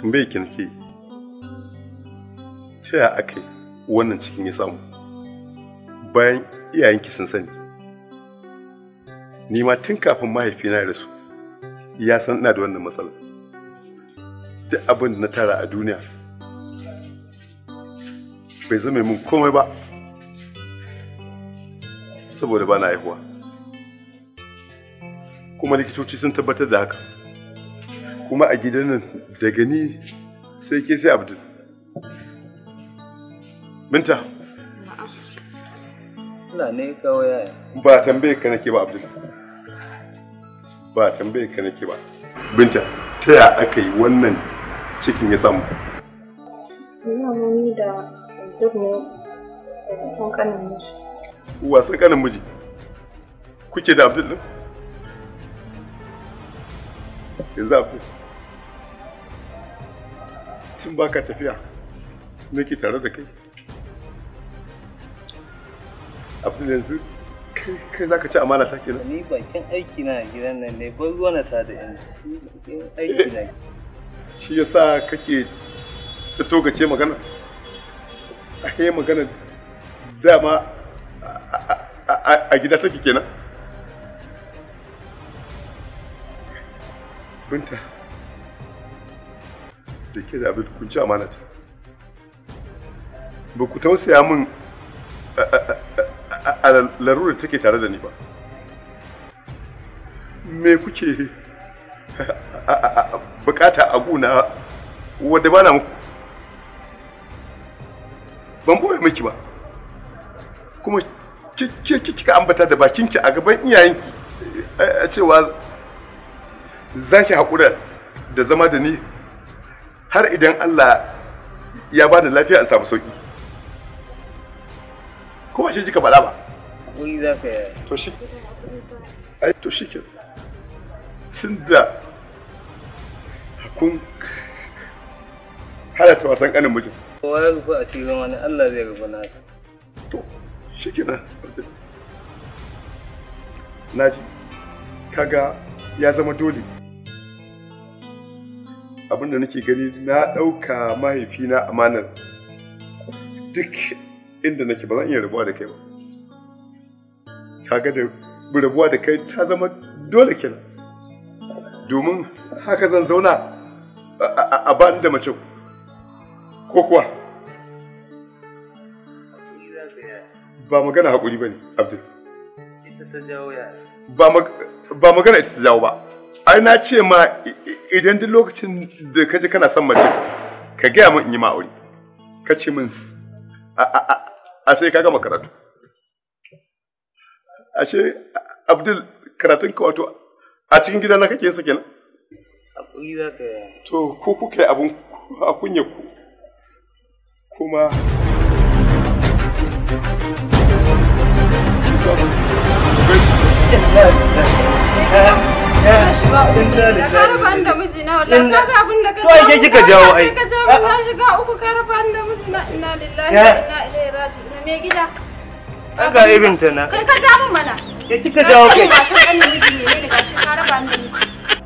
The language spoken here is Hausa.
tambaye ki nake ta aka yi wannan cikin ya samu bayan iyayenki sun sani ni tun kafin mahaifina ya rasu ya san ina da wannan matsala duk abin da na tara a duniya bai zama min komai ba saboda ba haihuwa kuma likitoci sun tabbatar da haka kuma a gidan nan daga ni sai ke sai abdul binta na ne kawai ba tambaye ka nake ba abdul ba tambaye ka nake ba binta ta ya aka yi wannan cikin ya samu ina mami da duk ne san kanin miji wasan kanin miji kuke da abdul din yanzu abu tun ba ka tafiya nake tare da kai abu yanzu kai za ka ci amana ta kenan ni bakin aiki na gidan nan ne ban ruwa na ta da yanzu aiki na shi sa kake ta togace magana a magana dama a gida take kenan Binta, da ke da abin kun ci amanata. Ba ku tausaya min a larurar take tare da ni ba. Me kuke bukata a guna wadda ba na muku? Ban boye miki ba. Kuma kika ambata da bakinki a gaban iyayenki a cewa za ki haƙura da zama da ni har idan Allah ya ba da lafiya a samu sauƙi. Ko ba shi jika faɗa ba? Wuri za ka yi. To shi. Ai, to shi ke. Tun da hakun halatta wasan ƙanin mijin. Kowa ya rufe asirin wani Allah zai rufu na To, shi ke nan. Naji, kaga ya zama dole. abinda nake gani na ɗauka mahaifina amanar duk inda nake ba zan iya rabuwa da kai ba kaga da rabuwa da kai ta zama dole kenan domin haka zan zauna a bani da mace ko kuwa ba magana haƙuri ba ne abdul ba magana ita ta jawo ba ai na ce ma idan duk lokacin da ka ji kana son mace ka gaya min in yi ma aure ka ce min a sai ka gama karatu ashe abdul karatun ka wato a cikin gidana kake yin sa ka to ko kuka yi abun a kunya ku kuma Yeah, da karfan da mijina wallahi ka ga abin da ka jawo to kika ka jawo na shiga uku karfan da mijina inna lillahi wa inna ilaihi me gida ga ibin ta na kai ka jawo mana ya kika jawo kai ka san annabi ne ne ka